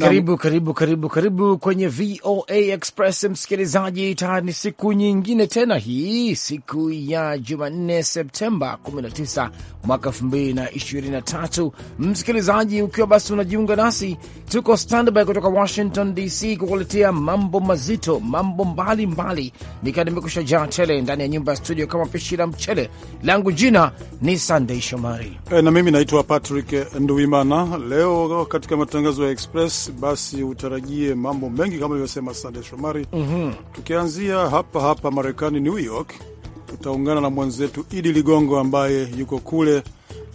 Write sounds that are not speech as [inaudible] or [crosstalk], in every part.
Karibu karibu karibu karibu kwenye VOA Express, msikilizaji, tayari ni siku nyingine tena, hii siku ya Jumanne Septemba 19 mwaka 2023. Msikilizaji, ukiwa basi unajiunga nasi, tuko standby kutoka Washington DC kukuletea mambo mazito, mambo mbalimbali, nikiwa nimekusha jaa tele ndani ya nyumba ya studio kama pishi la mchele langu. Jina ni sandey Shomari e, na mimi naitwa Patrick nduimana Leo katika matangazo ya Express basi utarajie mambo mengi kama ilivyosema Sande Shomari. mm -hmm. Tukianzia hapa hapa Marekani, New York, tutaungana na mwenzetu Idi Ligongo ambaye yuko kule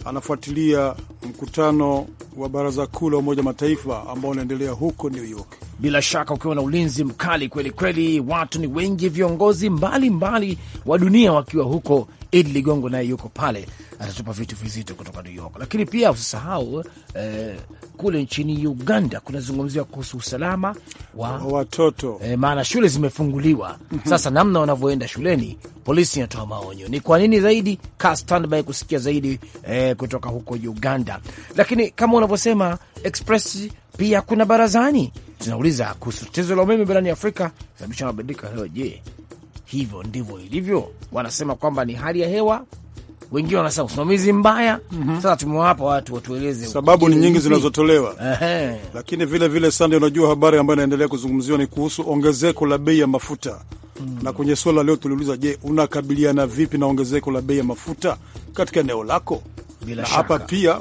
anafuatilia mkutano wa Baraza Kuu la Umoja Mataifa ambao unaendelea huko New York, bila shaka ukiwa na ulinzi mkali kweli kweli. Watu ni wengi, viongozi mbalimbali wa dunia wakiwa huko Idi Ligongo naye yuko pale, atatupa vitu vizito kutoka New York. Lakini pia usisahau eh, kule nchini Uganda kunazungumziwa kuhusu usalama wa watoto eh, maana shule zimefunguliwa mhm. sasa. Namna wanavyoenda shuleni, polisi inatoa maonyo. Ni kwa nini zaidi? Kaa standby kusikia zaidi eh, kutoka huko Uganda. Lakini kama unavyosema Express, pia kuna barazani, tunauliza kuhusu tatizo la umeme barani Afrika sababisha mabadiliko hayo. Je, hivyo ndivyo ilivyo. Wanasema kwamba ni hali ya hewa, wengine wanasema usimamizi mbaya. mm -hmm. Sasa tumewapa watu watueleze sababu ni nyingi zinazotolewa, lakini vile vile Sande, unajua habari ambayo inaendelea kuzungumziwa ni kuhusu ongezeko la bei ya mafuta Hmm. na kwenye swala leo tuliuliza, je, unakabiliana vipi na ongezeko la bei ya mafuta katika eneo lako? Bila na hapa pia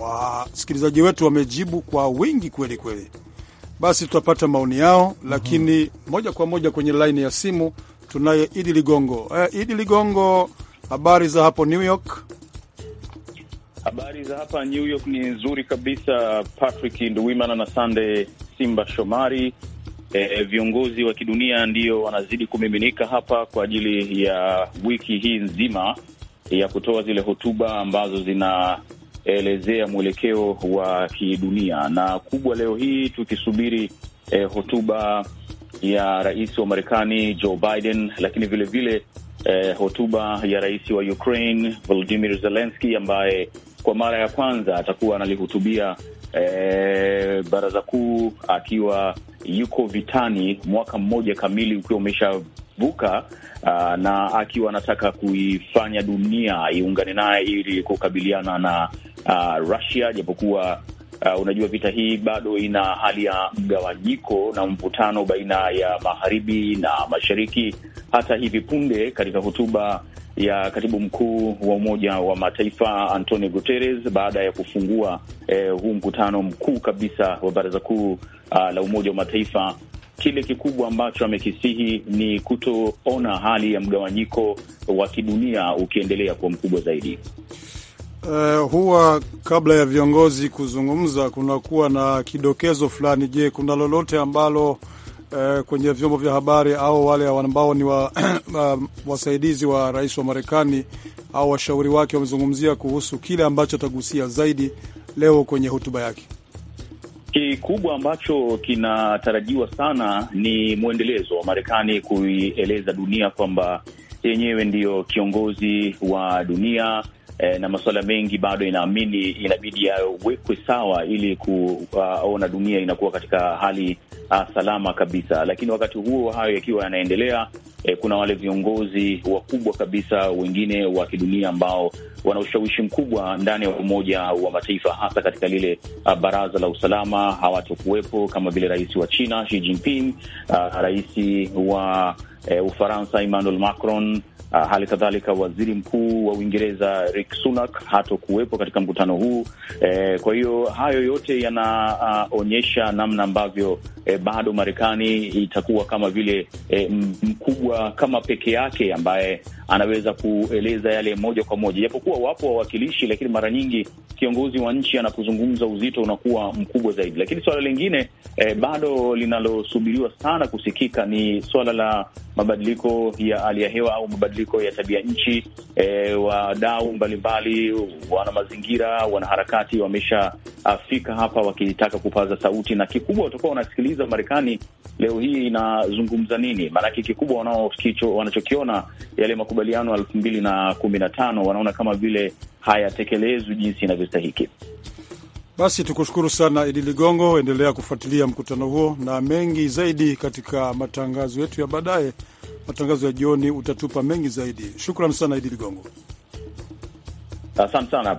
wasikilizaji wetu wamejibu kwa wingi kweli kweli. Basi tutapata maoni yao, lakini -hmm. moja kwa moja kwenye laini ya simu tunaye Idi Ligongo. Eh, Idi Ligongo, habari za hapo New York? Habari za hapa New York ni nzuri kabisa, Patrick Nduwimana na Sande Simba Shomari. E, viongozi wa kidunia ndio wanazidi kumiminika hapa kwa ajili ya wiki hii nzima ya kutoa zile hotuba ambazo zinaelezea mwelekeo wa kidunia, na kubwa leo hii tukisubiri e, hotuba ya rais wa Marekani Joe Biden, lakini vilevile vile, eh, hotuba ya rais wa Ukraine Volodymyr zelenski ambaye kwa mara ya kwanza atakuwa analihutubia eh, baraza kuu akiwa yuko vitani, mwaka mmoja kamili ukiwa umeshavuka, uh, na akiwa anataka kuifanya dunia iungane naye ili kukabiliana na uh, Russia, japokuwa Uh, unajua vita hii bado ina hali ya mgawanyiko na mvutano baina ya magharibi na mashariki. Hata hivi punde katika hotuba ya katibu mkuu wa Umoja wa Mataifa Antonio Guterres baada ya kufungua eh, huu mkutano mkuu kabisa wa Baraza Kuu uh, la Umoja wa Mataifa, kile kikubwa ambacho amekisihi ni kutoona hali ya mgawanyiko wa kidunia ukiendelea kuwa mkubwa zaidi. Uh, huwa kabla ya viongozi kuzungumza kunakuwa na kidokezo fulani. Je, kuna lolote ambalo uh, kwenye vyombo vya habari au wale ambao ni wa, uh, [clears throat] wasaidizi wa rais wa Marekani au washauri wake wamezungumzia kuhusu kile ambacho atagusia zaidi leo kwenye hotuba yake? Kikubwa ambacho kinatarajiwa sana ni mwendelezo wa Marekani kuieleza dunia kwamba yenyewe ndiyo kiongozi wa dunia eh, na masuala mengi bado inaamini inabidi yawekwe sawa ili kuona uh, dunia inakuwa katika hali uh, salama kabisa. Lakini wakati huo hayo yakiwa yanaendelea, eh, kuna wale viongozi wakubwa kabisa wengine wa kidunia ambao wana ushawishi mkubwa ndani ya Umoja wa Mataifa, hasa katika lile uh, Baraza la Usalama hawatokuwepo, kama vile rais wa China Xi Jinping, uh, rais wa uh, Ufaransa Emmanuel Macron Uh, hali kadhalika waziri mkuu wa Uingereza Rishi Sunak hatokuwepo katika mkutano huu eh. Kwa hiyo hayo yote yanaonyesha ah, uh, namna ambavyo eh, bado Marekani itakuwa kama vile eh, mkubwa kama peke yake ambaye anaweza kueleza yale moja kwa moja, japokuwa wapo wawakilishi, lakini mara nyingi kiongozi wa nchi anapozungumza uzito unakuwa mkubwa zaidi. Lakini swala lingine eh, bado linalosubiriwa sana kusikika ni suala la mabadiliko ya hali ya hewa au mabadiliko ya tabia nchi. Eh, wadau mbalimbali, wana mazingira, wanaharakati wameshafika hapa wakitaka kupaza sauti, na kikubwa watakuwa wanasikiliza Marekani leo hii inazungumza nini, maanake kikubwa wanachokiona yale makubwa makubaliano ya elfu mbili na kumi na tano wanaona kama vile hayatekelezwi jinsi inavyostahiki. Basi tukushukuru sana Idi Ligongo, endelea kufuatilia mkutano huo na mengi zaidi katika matangazo yetu ya baadaye. Matangazo ya jioni utatupa mengi zaidi. Shukran sana Idi Ligongo, asante sana.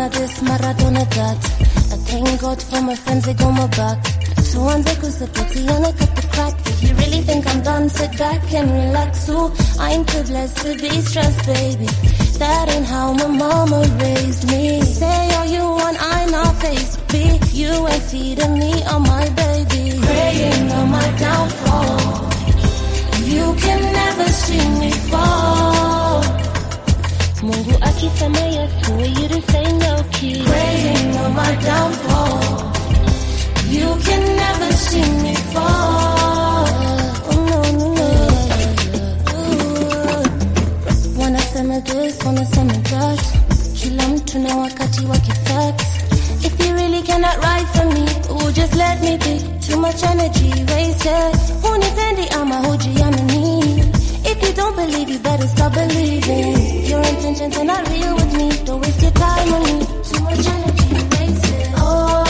Maradona this, Maradona that. I thank God for my friends, they got my back. So Tuanze kusapotiana cut the crack. If you really think I'm done, sit back and relax. Ooh, i ain't too blessed to be stressed, baby. That ain't how my mama raised me. Say all you want, I'm not faced. B, you ain't feeding me on my baby. Praying on my downfall. You can never see me fall. Mungu akisema yes, will you just say no kid? Praying on my downfall. You can never see me fall. Wanasema this, wanasema that. Kila mtu na wakati wake facts. If you really cannot ride for me, oh, just let me be. Too much energy wasted. Hunipendi ama hujiamini you don't believe, you better stop believing. Your intentions are not real with me. Don't waste your time on me. Too much energy wasted. Oh, oh,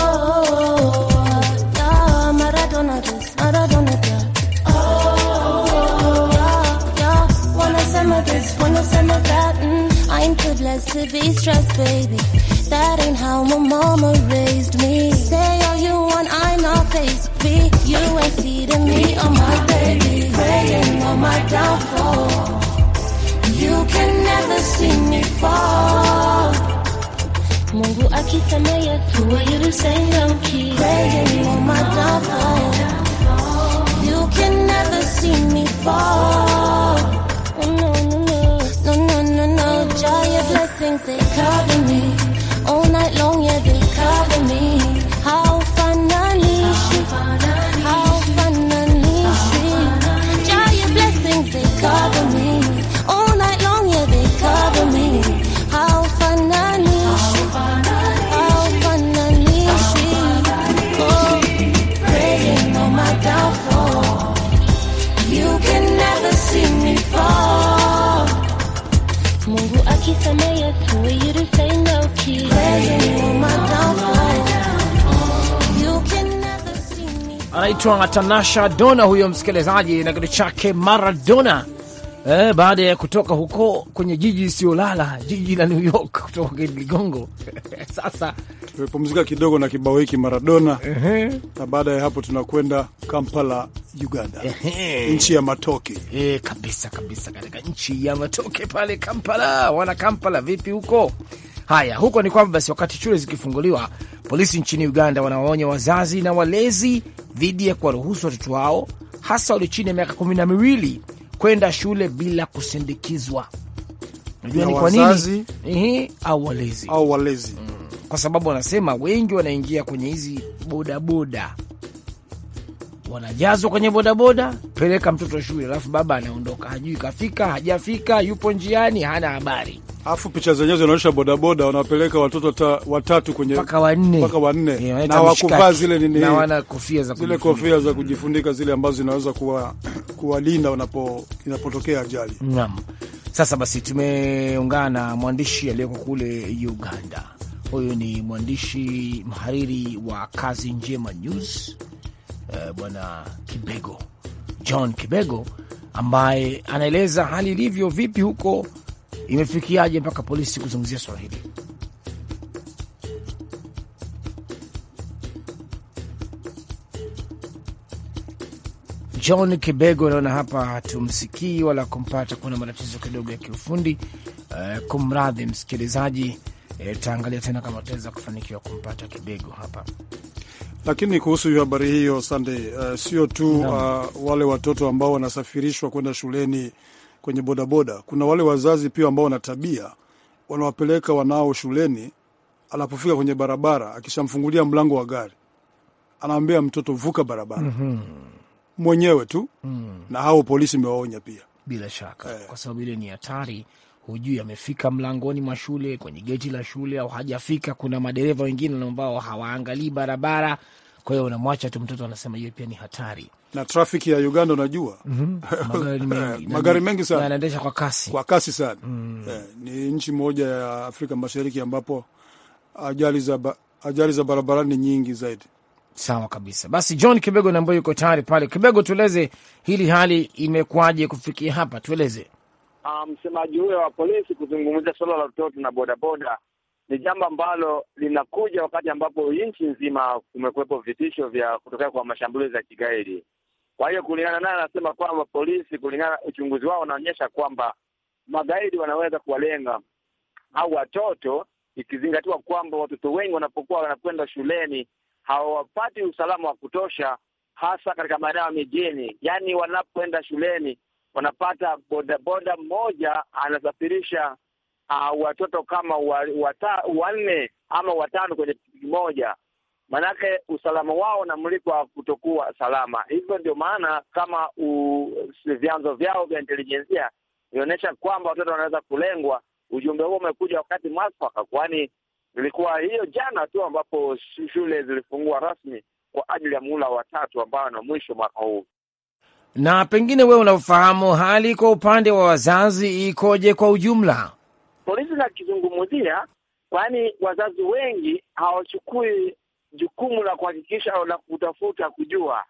oh, oh, yeah, Maradona this, Maradona that. Oh, oh, yeah, yeah. Wanna send this, wanna send that. Mm, I ain't too blessed to be stressed, baby. That ain't how my mama raised me. Say all you want, I'm not faced. Be you ain't feeding me oh my baby you're my downfall. You can never see me fall. Mungu akisamehe tu wayurusenga uki praying on my downfall. You can never see me fall. Oh, no, no, no, no, no, no, no. Joy, your blessings they cover me all night long. anaitwa Tanasha Dona huyo msikilizaji na kitu chake Maradona. Eh, baada ya kutoka huko kwenye jiji isiyolala jiji la New York kutoka kwenye Ligongo [laughs] sasa tumepumzika kidogo na kibao hiki Maradona. uh -huh. Na baada ya hapo tunakwenda Kampala, Uganda. uh -huh. Nchi ya matoke. Eh, kabisa kabisa, katika nchi ya matoke pale Kampala. Wana Kampala vipi huko? Haya, huko ni kwamba basi, wakati shule zikifunguliwa, polisi nchini Uganda wanawaonya wazazi na walezi dhidi ya kuwaruhusu watoto wao hasa walio chini ya miaka kumi na miwili kwenda shule bila kusindikizwa. Najua ni kwa nini ehe, au walezi, au walezi. Mm. Kwa sababu wanasema wengi wanaingia kwenye hizi bodaboda wanajazwa kwenye bodaboda, peleka mtoto shule, alafu baba anaondoka, hajui kafika, hajafika, yupo njiani, hana habari. Alafu picha zenyewe zinaonyesha bodaboda wanapeleka watoto ta, watatu kwenye mpaka wanne, mpaka wanne. Eh, na wakuvaa zile nini, na wana kofia za zile kofia za kujifunika zile ambazo zinaweza kuwa kuwalinda wanapo inapotokea ajali. Naam. Sasa basi tumeungana na mwandishi aliyeko kule Uganda. Huyu ni mwandishi mhariri wa Kazi Njema News Eh, bwana Kibego John Kibego ambaye anaeleza hali ilivyo vipi huko, imefikiaje mpaka polisi kuzungumzia swala hili. John Kibego, naona hapa tumsikii wala kumpata, kuna matatizo kidogo ya kiufundi. Uh, kumradhi msikilizaji, uh, taangalia tena kama tutaweza kufanikiwa kumpata Kibego hapa. Lakini kuhusu habari hiyo Sande, uh, sio tu uh, wale watoto ambao wanasafirishwa kwenda shuleni kwenye bodaboda, kuna wale wazazi pia ambao wana tabia, wanawapeleka wanao shuleni, anapofika kwenye barabara, akishamfungulia mlango wa gari anaambia mtoto vuka barabara mm -hmm. mwenyewe tu mm. na hao polisi imewaonya pia, bila shaka eh, kwa sababu ile ni hatari hujui amefika mlangoni mwa shule, kwenye geti la shule au hajafika. Kuna madereva wengine ambao hawaangalii barabara, kwa hiyo unamwacha tu mtoto, anasema hiyo pia ni hatari. Na trafiki ya Uganda unajua, mm -hmm. [laughs] magari mengi, magari mengi sana yanaendesha kwa kasi, kwa kasi sana mm. Eh, ni nchi moja ya Afrika Mashariki ambapo ajali za, ajali za barabarani ni nyingi zaidi. Sawa kabisa. Basi John Kibego nambayo yuko tayari pale. Kibego, tueleze hili hali imekuwaje kufikia hapa, tueleze Ah, msemaji um, huyo wa polisi kuzungumzia suala la utoto na bodaboda ni jambo ambalo linakuja wakati ambapo nchi nzima kumekuwepo vitisho vya kutokea kwa mashambulizi ya kigaidi. Kwa hiyo kulingana naye, anasema kwamba polisi, kulingana uchunguzi wao unaonyesha kwamba magaidi wanaweza kuwalenga au watoto, ikizingatiwa kwamba watoto wengi wanapokuwa wanakwenda shuleni hawapati usalama wa kutosha, hasa katika maeneo ya mijini. Yaani wanapoenda shuleni wanapata bodaboda mmoja anasafirisha uh, watoto kama wanne ama watano kwenye pikipiki moja, maanake usalama wao unamulikwa kutokuwa salama. Hivyo ndio maana kama vyanzo vyao vya intelijensia vionyesha kwamba watoto wanaweza kulengwa. Ujumbe huo umekuja wakati mwafaka, kwani ilikuwa hiyo jana tu ambapo shule zilifungua rasmi kwa ajili ya muhula wa tatu ambao na mwisho mwaka huu na pengine wewe unafahamu hali kwa upande wa wazazi ikoje kwa ujumla? Polisi kizungumzia, kwani wazazi wengi hawachukui jukumu la kuhakikisha au la kutafuta kujua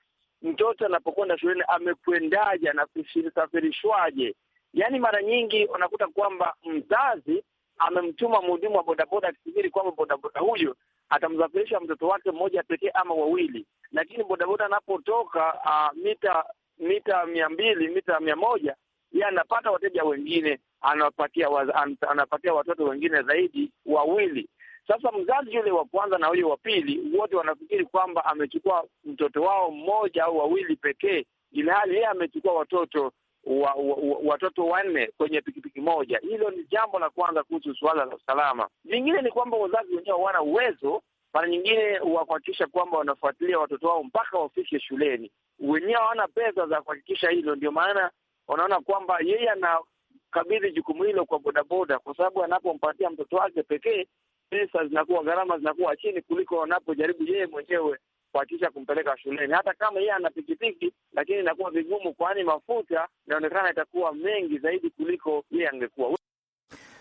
mtoto anapokwenda shuleni amekwendaje, anasafirishwaje. Yaani mara nyingi unakuta kwamba mzazi amemtuma mhudumu wa bodaboda akisubiri kwamba bodaboda huyo atamsafirisha mtoto wake mmoja pekee ama wawili, lakini bodaboda anapotoka ah, mita mita mia mbili mita mia moja ye anapata wateja wengine, anapatia wa, anapatia watoto wengine zaidi wawili. Sasa mzazi yule wa kwanza na huyo wa pili wote wanafikiri kwamba amechukua mtoto wao mmoja au wawili pekee, ilhali yeye amechukua watoto wa, wa, wa, watoto wanne kwenye pikipiki moja. Hilo ni jambo la kwanza kuhusu suala la usalama. Lingine ni kwamba wazazi wenyewe hawana uwezo mara nyingine wakuhakikisha kwamba wanafuatilia watoto wao mpaka wafike shuleni. Wenyewe hawana pesa za kuhakikisha hilo, ndio maana wanaona kwamba yeye anakabidhi jukumu hilo kwa bodaboda, kwa sababu anapompatia mtoto wake pekee, pesa zinakuwa, gharama zinakuwa chini kuliko anapojaribu yeye mwenyewe kuhakikisha kumpeleka shuleni. Hata kama yeye ana pikipiki, lakini inakuwa vigumu, kwani mafuta inaonekana itakuwa mengi zaidi kuliko yeye angekuwa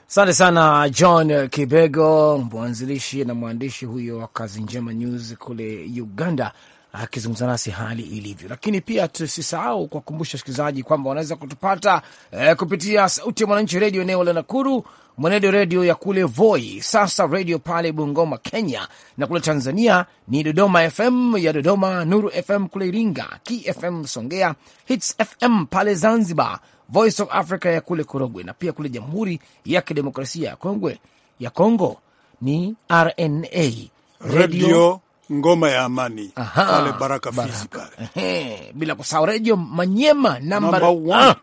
Asante sana John Kibego, mwanzilishi na mwandishi huyo wa Kazi Njema News kule Uganda, akizungumza nasi hali ilivyo. Lakini pia tusisahau kuwakumbusha wasikilizaji kwamba wanaweza kutupata eh, kupitia Sauti ya Mwananchi redio eneo la Nakuru, Mwenedo redio ya kule Voi, sasa redio pale Bungoma Kenya, na kule Tanzania ni Dodoma FM ya Dodoma, Nuru FM kule Iringa, KFM Songea, Hits FM pale Zanzibar, Voice of Africa ya kule Korogwe na pia kule Jamhuri ya Kidemokrasia ya Kongwe ya Kongo ni RNA Radio Ngoma ya Amani pale Baraka Fizi pale, bila kusahau Radio Manyema namba ah,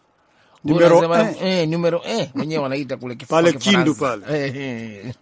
numero eh, mwenyewe wanaita kule pale Kindu pale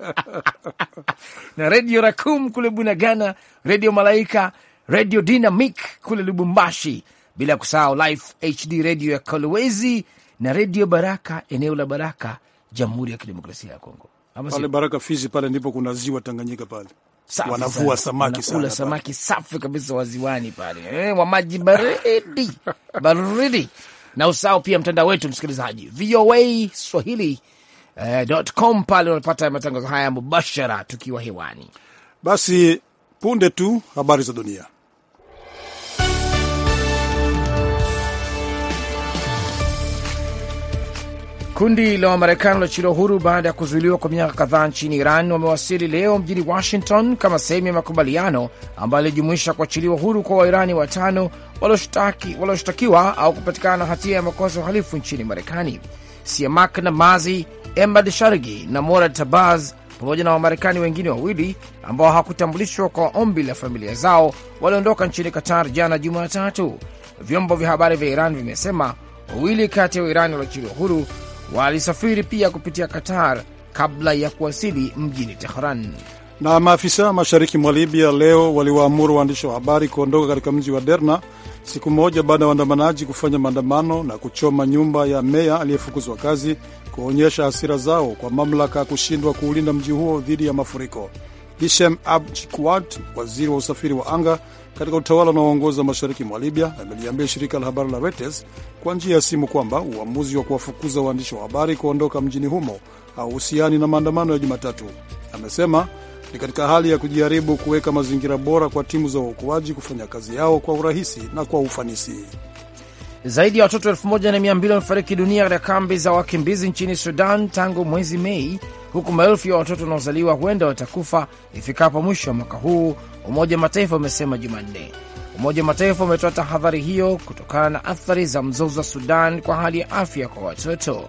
[laughs] na Radio Rakum kule Bunagana, Radio Malaika, Radio Dynamic kule Lubumbashi bila kusahau Life HD redio ya Kolwezi na redio Baraka eneo la Baraka, Jamhuri ya Kidemokrasia ya Kongo. Pale Baraka Fizi pale ndipo kuna ziwa Tanganyika pale Safi, wanavua samaki sana, kula samaki safi kabisa waziwani pale eh, wa maji baridi [laughs] baridi. Na usahau pia mtandao wetu msikilizaji, VOA Swahili.com, eh, pale unapata matangazo haya mubashara tukiwa hewani. Basi punde tu habari za dunia. Kundi la Wamarekani walioachiliwa huru baada ya kuzuiliwa kwa miaka kadhaa nchini Iran wamewasili leo mjini Washington kama sehemu ya makubaliano ambayo alijumuisha kuachiliwa huru kwa Wairani watano walioshtakiwa au kupatikana na hatia ya makosa ya uhalifu nchini Marekani. Siamak Namazi, Emad Shargi na Morad Tabaz pamoja na Wamarekani wengine wawili ambao hawakutambulishwa kwa ombi la familia zao waliondoka nchini Qatar jana Jumatatu. Vyombo vya habari vya Iran vimesema wawili kati ya Wairani walioachiliwa huru walisafiri pia kupitia Qatar kabla ya kuwasili mjini Tehran. Na maafisa mashariki mwa Libya leo waliwaamuru waandishi wa habari kuondoka katika mji wa Derna siku moja baada ya waandamanaji kufanya maandamano na kuchoma nyumba ya meya aliyefukuzwa kazi kuonyesha hasira zao kwa mamlaka ya kushindwa kuulinda mji huo dhidi ya mafuriko. hishem Abd Jikwad, waziri wa usafiri wa anga, katika utawala unaoongoza mashariki mwa Libya, ameliambia shirika la habari la Reuters kwa njia ya simu kwamba uamuzi wa kuwafukuza waandishi wa habari kuondoka mjini humo hauhusiani na maandamano ya Jumatatu. Amesema ni katika hali ya kujaribu kuweka mazingira bora kwa timu za uokoaji kufanya kazi yao kwa urahisi na kwa ufanisi. Zaidi ya watoto elfu moja na mia mbili wamefariki dunia katika kambi za wakimbizi nchini Sudan tangu mwezi Mei, huku maelfu ya watoto wanaozaliwa huenda watakufa ifikapo mwisho wa mwaka huu, Umoja wa Mataifa umesema Jumanne. Umoja wa Mataifa umetoa tahadhari hiyo kutokana na athari za mzozo wa Sudan kwa hali ya afya kwa watoto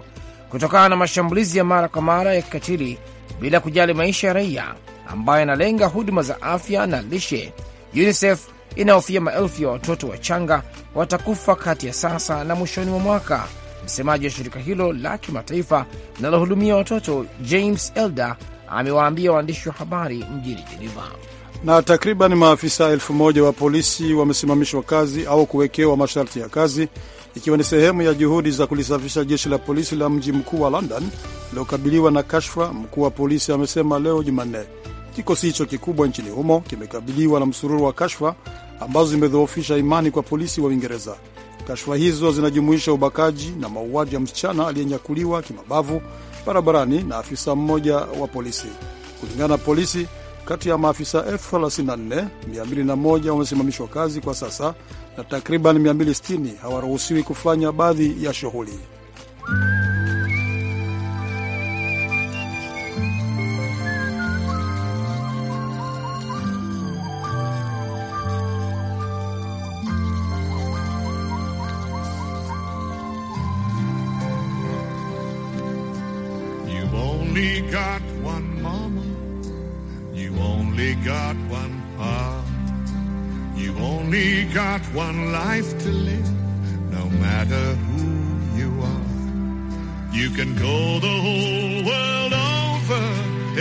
kutokana na mashambulizi ya mara kwa mara ya kikatili bila kujali maisha ya raia ambayo yanalenga huduma za afya na lishe. UNICEF inahofia maelfu ya watoto wachanga watakufa kati ya sasa na mwishoni mwa mwaka Msemaji wa shirika hilo la kimataifa linalohudumia watoto James Elder amewaambia waandishi wa habari mjini Jeneva. Na takriban maafisa elfu moja wa polisi wamesimamishwa kazi au kuwekewa masharti ya kazi ikiwa ni sehemu ya juhudi za kulisafisha jeshi la polisi la mji mkuu wa London lilokabiliwa na kashfa. Mkuu wa polisi amesema leo Jumanne kikosi hicho kikubwa nchini humo kimekabiliwa na msururu wa kashfa ambazo zimedhoofisha imani kwa polisi wa Uingereza. Kashfa hizo zinajumuisha ubakaji na mauaji ya msichana aliyenyakuliwa kimabavu barabarani na afisa mmoja wa polisi. Kulingana na polisi, kati ya maafisa 34 201 wamesimamishwa kazi kwa sasa na takriban 260 hawaruhusiwi kufanya baadhi ya shughuli. to live, no matter who you are. You can go the whole world over,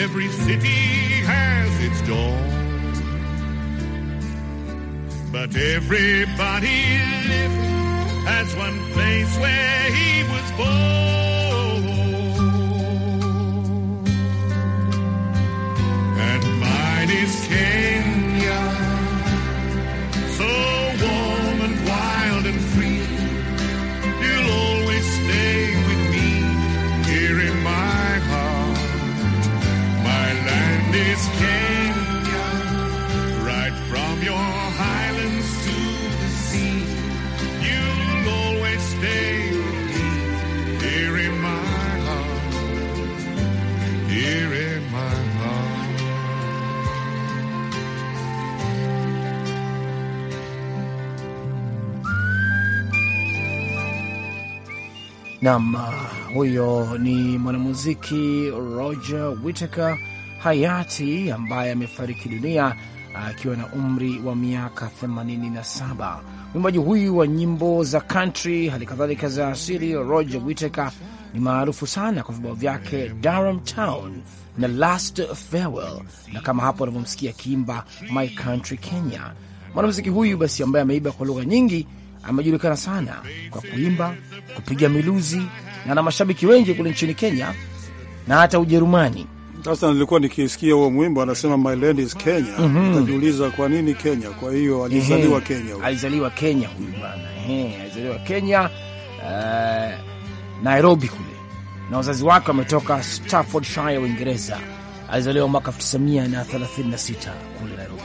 every city has its dawn. But everybody Nam, ah, huyo ni mwanamuziki Roger Whittaker hayati ambaye amefariki dunia ah, akiwa na umri wa miaka 87. Mwimbaji huyu wa nyimbo za country hali kadhalika za asili, Roger Whittaker ni maarufu sana kwa vibao vyake Durham Town na Last Farewell, na kama hapo anavyomsikia akiimba My Country Kenya. Mwanamuziki huyu basi ambaye ameiba kwa lugha nyingi amejulikana sana kwa kuimba, kupiga miluzi na na mashabiki wengi kule nchini Kenya na hata Ujerumani. Sasa nilikuwa nikisikia huo mwimbo anasema my land is Kenya, mhm. nikajiuliza mm -hmm. Kwa nini Kenya? Kwa hiyo alizaliwa Kenya, alizaliwa Kenya huyu bwana, alizaliwa Kenya uh, Nairobi kule, na wazazi wake wametoka Staffordshire, Uingereza. Alizaliwa mwaka 1936 kule Nairobi.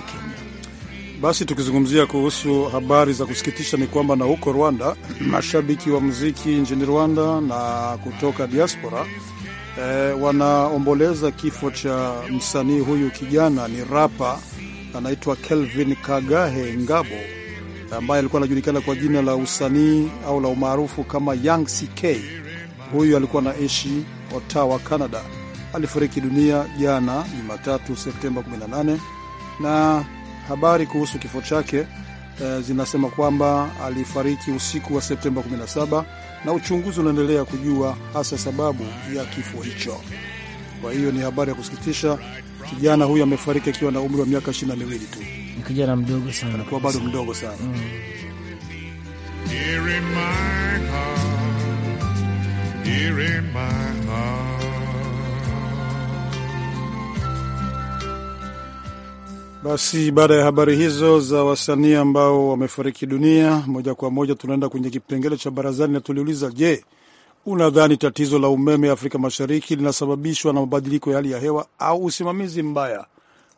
Basi tukizungumzia kuhusu habari za kusikitisha ni kwamba na huko Rwanda [clears throat] mashabiki wa muziki nchini Rwanda na kutoka diaspora eh, wanaomboleza kifo cha msanii huyu. Kijana ni rapa anaitwa Kelvin Kagahe Ngabo ambaye alikuwa anajulikana kwa jina la usanii au la umaarufu kama Young CK. Huyu alikuwa anaishi Ottawa, Canada. Alifariki dunia jana Jumatatu, Septemba 18 na Habari kuhusu kifo chake e, zinasema kwamba alifariki usiku wa Septemba 17 na uchunguzi unaendelea kujua hasa sababu ya kifo hicho. Kwa hiyo ni habari ya kusikitisha, kijana huyu amefariki akiwa na umri wa miaka 22 tu. Ni kijana mdogo sana, alikuwa bado mdogo sana mm. Basi baada ya habari hizo za wasanii ambao wamefariki dunia, moja kwa moja tunaenda kwenye kipengele cha barazani na tuliuliza, je, unadhani tatizo la umeme Afrika Mashariki linasababishwa na mabadiliko ya hali ya hewa au usimamizi mbaya?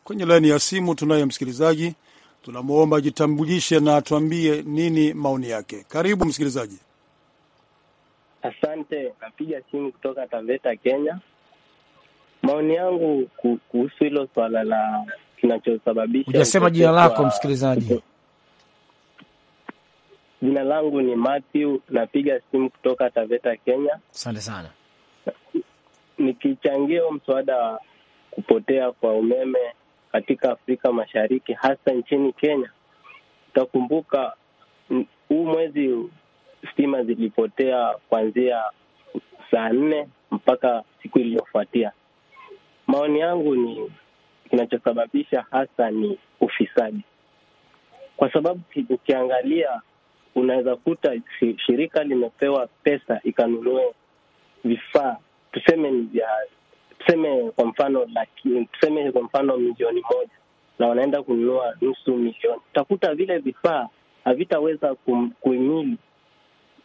Kwenye laini ya simu tunaye msikilizaji, tunamwomba ajitambulishe na atuambie nini maoni yake. Karibu msikilizaji. Asante, napiga simu kutoka Taveta, Kenya. Maoni yangu kuhusu hilo swala la kinachosababisha. Hujasema jina lako msikilizaji. Jina langu ni Matthew, napiga simu kutoka Taveta, Kenya. Asante sana. Nikichangia mswada wa kupotea kwa umeme katika Afrika Mashariki, hasa nchini Kenya. Utakumbuka huu mwezi stima zilipotea kuanzia saa nne mpaka siku iliyofuatia. Maoni yangu ni kinachosababisha hasa ni ufisadi, kwa sababu ukiangalia unaweza kuta shirika limepewa pesa ikanunue vifaa tuseme ni vya tuseme kwa mfano laki, tuseme kwa mfano milioni moja na wanaenda kununua nusu milioni, utakuta vile vifaa havitaweza kuhimili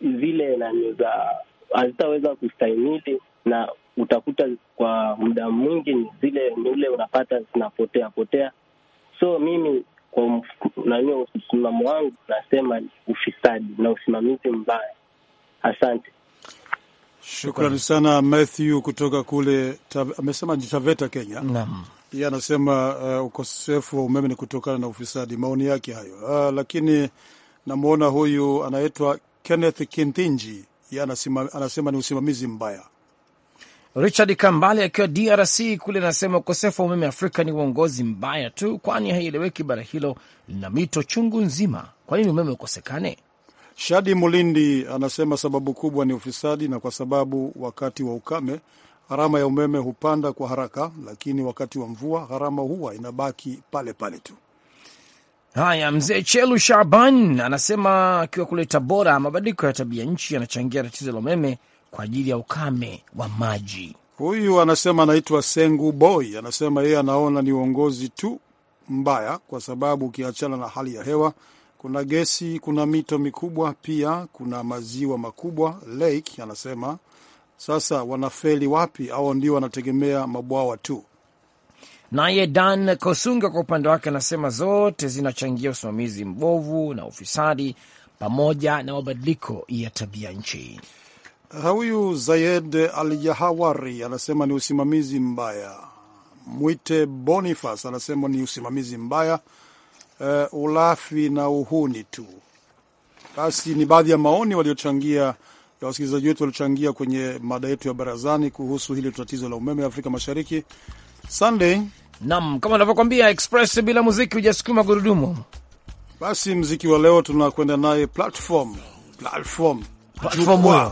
zile nani za hazitaweza kustahimili na utakuta kwa muda mwingi zile nywele unapata zinapotea potea. So mimi kwa nani, usimamo wangu nasema ufisadi na usimamizi mbaya. Asante. Shukrani sana Matthew kutoka kule amesema ni Taveta, Kenya. iye yeye anasema uh, ukosefu wa umeme ni kutokana na ufisadi. Maoni yake hayo. Uh, lakini namwona huyu anaitwa Kenneth Kinthinji, yeye anasema ni usimamizi mbaya. Richard Kambale akiwa DRC kule anasema ukosefu wa umeme Afrika ni uongozi mbaya tu, kwani haieleweki. Bara hilo lina mito chungu nzima, kwa nini umeme ukosekane? Shadi Mulindi anasema sababu kubwa ni ufisadi, na kwa sababu wakati wa ukame gharama ya umeme hupanda kwa haraka, lakini wakati wa mvua gharama huwa inabaki pale pale tu. Haya, mzee Chelu Shaban anasema akiwa kule Tabora, mabadiliko ya tabia nchi yanachangia tatizo la umeme kwa ajili ya ukame wa maji. Huyu anasema anaitwa Sengu Boy, anasema yeye anaona ni uongozi tu mbaya, kwa sababu ukiachana na hali ya hewa, kuna gesi, kuna mito mikubwa, pia kuna maziwa makubwa lake. Anasema sasa wanafeli wapi? Au ndio wanategemea mabwawa tu? Naye Dan Kosunga kwa upande wake anasema zote zinachangia usimamizi mbovu na ufisadi pamoja na mabadiliko ya tabia nchi. Huyu Zayed Aljahawari anasema ni usimamizi mbaya. Mwite Bonifas anasema ni usimamizi mbaya, uh, ulafi na uhuni tu. Basi ni baadhi ya maoni waliochangia ya wasikilizaji wetu waliochangia kwenye mada yetu ya barazani kuhusu hili tatizo la umeme Afrika Mashariki. Sunday nam, kama anavyokwambia Express, bila muziki hujasukuma gurudumu. Basi mziki wa leo tunakwenda naye platform platform platform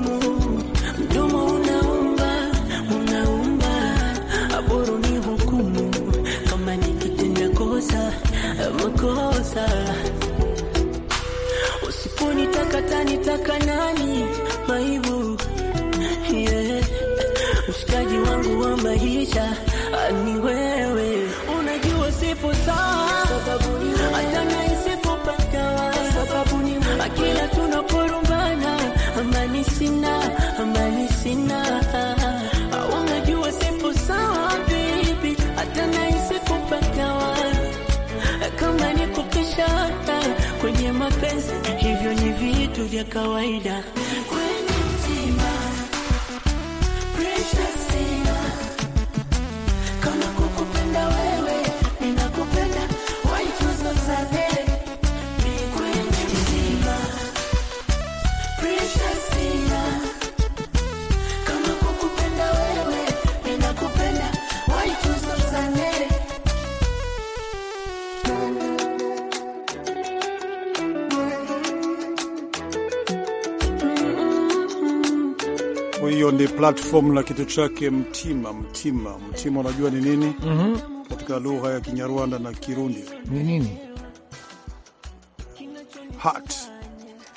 kukosa. Usiponitaka tanitaka nani? Maibu yeah. Mshikaji wangu wa maisha aniwe mapenzi hivyo ni vitu vya kawaida. platform na kitu chake mtima mtima mtima, unajua ni nini? mm -hmm. Katika lugha ya Kinyarwanda na Kirundi ni nini? Hat.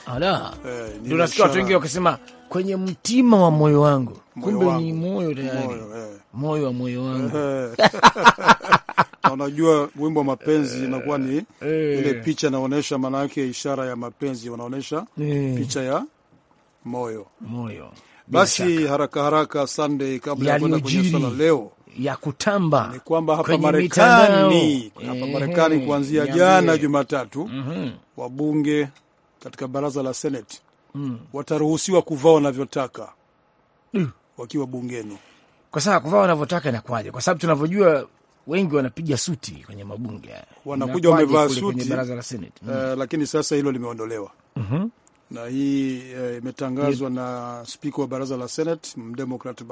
Ala, eh, ndio nasikia watu wengi wakisema kwenye mtima wa moyo wangu, kumbe ni moyo tayari, eh. moyo wa moyo wangu eh. unajua wimbo wa mapenzi inakuwa ni ile picha inaonyesha, maana yake ishara ya mapenzi, wanaonyesha picha ya moyo moyo basi haraka haraka, Sande, kabla ya kwenda kwenye swala leo ya kutamba ni kwamba hapa Marekani, hapa Marekani kuanzia jana Jumatatu, mm -hmm. wabunge katika baraza la Senate mm. wataruhusiwa kuvaa wanavyotaka mm. wakiwa bungeni. Kwa sasa kuvaa wanavyotaka inakuwaje? Kwa sababu tunavyojua wengi wanapiga suti kwenye mabunge, wanakuja wamevaa suti kwenye baraza la Senate mm. uh, lakini sasa hilo limeondolewa mm -hmm na hii eh, imetangazwa uh, na spika wa baraza la Senate mdemokrat uh,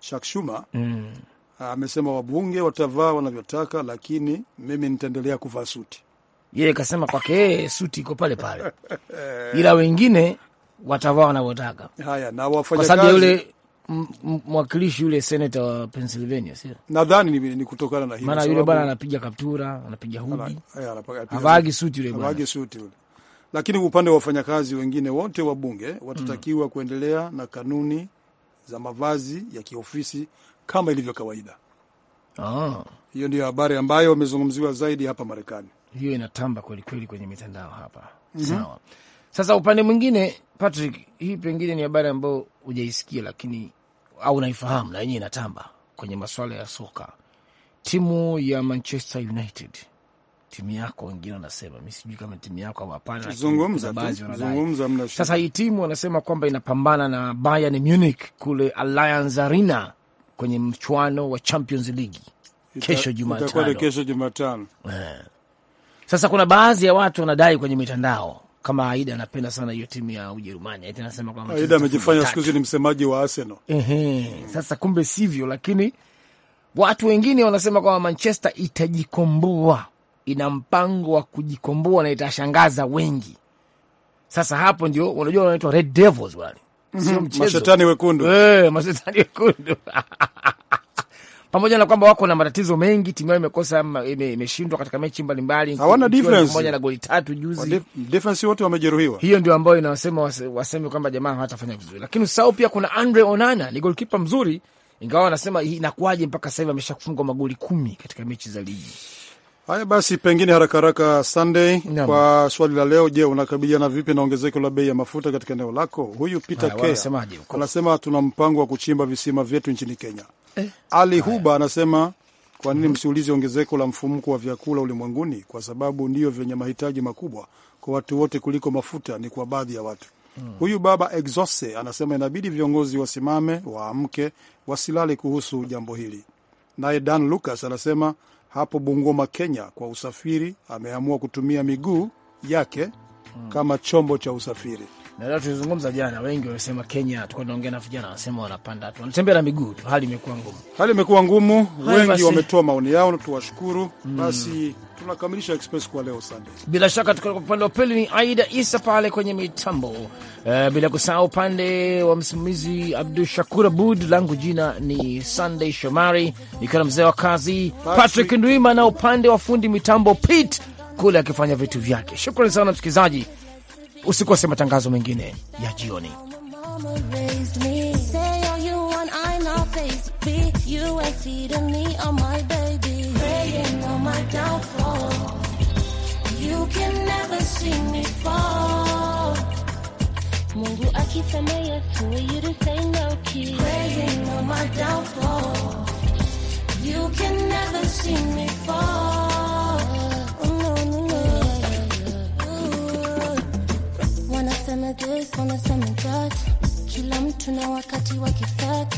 Chuck Schumer mm. Amesema wabunge watavaa wanavyotaka, lakini mimi nitaendelea kuvaa suti. Yeye kasema kwake eh, suti iko pale pale, [laughs] ila wengine watavaa wanavyotaka. Haya, na wafanyakazi yule mwakilishi yule senata wa Pennsylvania, sio nadhani ni, ni kutokana na hiyo maana yule bwana anapiga kaptura, anapiga hudi, havagi suti yule bwana, havagi suti yule lakini upande wa wafanyakazi wengine wote wa bunge watatakiwa mm. kuendelea na kanuni za mavazi ya kiofisi kama ilivyo kawaida. Ah. Hiyo ndiyo habari ambayo imezungumziwa zaidi hapa Marekani. Hiyo inatamba kwelikweli kwenye mitandao hapa. mm -hmm. Sawa. Sasa upande mwingine, Patrick, hii pengine ni habari ambayo hujaisikia lakini au unaifahamu na yenyewe inatamba kwenye masuala ya soka. Timu ya Manchester United timu yako, wengine wanasema mi sijui kama timu yako au hapana. Sasa hii timu wanasema kwamba inapambana na Bayern Munich kule Allianz Arena kwenye mchuano wa Champions League kesho Jumatano, kesho Jumatano. Eh. Sasa kuna baadhi ya watu wanadai kwenye mitandao kama Aida anapenda sana hiyo timu ya Ujerumani. Aida anasema kwamba Aida amejifanya siku hizi ni msemaji wa Arsenal. Ehe, sasa kumbe sivyo, lakini watu wengine wanasema kwamba Manchester itajikomboa ina mpango wa kujikomboa na itashangaza wengi. Sasa hapo ndio unajua wanaitwa Red Devils wale, mhm. sio mchezo, mashetani wekundu, eh, mashetani wekundu [laughs] pamoja na kwamba wako na matatizo mengi, timu yao imekosa imeshindwa katika mechi mbalimbali, hawana difference pamoja na goli tatu juzi, defense wote wamejeruhiwa. Hiyo ndio ambayo inawasema waseme kwamba jamaa hawatafanya vizuri, lakini usahau pia kuna Andre Onana, ni golkipa mzuri, ingawa wanasema inakuwaje mpaka sasa hivi ameshafunga magoli kumi katika mechi za ligi. Haya basi, pengine haraka haraka, Sunday Nyama. Kwa swali la leo, je, unakabiliana vipi na ongezeko la bei ya mafuta katika eneo lako? Huyu Peter K anasema tuna mpango wa kuchimba visima vyetu nchini Kenya eh. Ali haya. Huba anasema kwa nini mhm. msiulizi ongezeko la mfumuko wa vyakula ulimwenguni, kwa sababu ndiyo vyenye mahitaji makubwa kwa watu wote kuliko mafuta ni kwa baadhi ya watu hmm. Huyu baba Exose anasema inabidi viongozi wasimame, waamke, wasilale kuhusu jambo hili. Naye Dan Lucas anasema hapo Bungoma, Kenya, kwa usafiri ameamua kutumia miguu yake hmm. kama chombo cha usafiri na leo tulizungumza jana, wengi wamesema Kenya, tulikuwa tunaongea na vijana, wanasema wanapanda tu, wanatembea na miguu tu, hali imekuwa ngumu, hali imekuwa ngumu. Wengi wametoa maoni yao na tuwashukuru. Mm. Basi tunakamilisha Express kwa leo Sunday. Bila shaka tuko kwa upande wa pili, ni Aida Isa pale kwenye mitambo e, bila kusahau upande wa msimamizi Abdul Shakur Abud, langu jina ni Sunday Shomari, nikiwa na mzee wa kazi Patrick Ndwima na upande wa fundi mitambo Pete kule akifanya vitu vyake. Shukrani sana msikilizaji. Usikose matangazo mengine ya jioni. Mungu sana this wanna sema that kila mtu na wakati wa kifax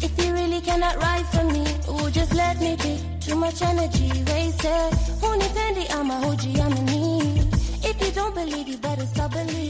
if you really cannot ride for me oh just let me be too much energy wasted I'm a hujiamini if you don't believe you better stop believing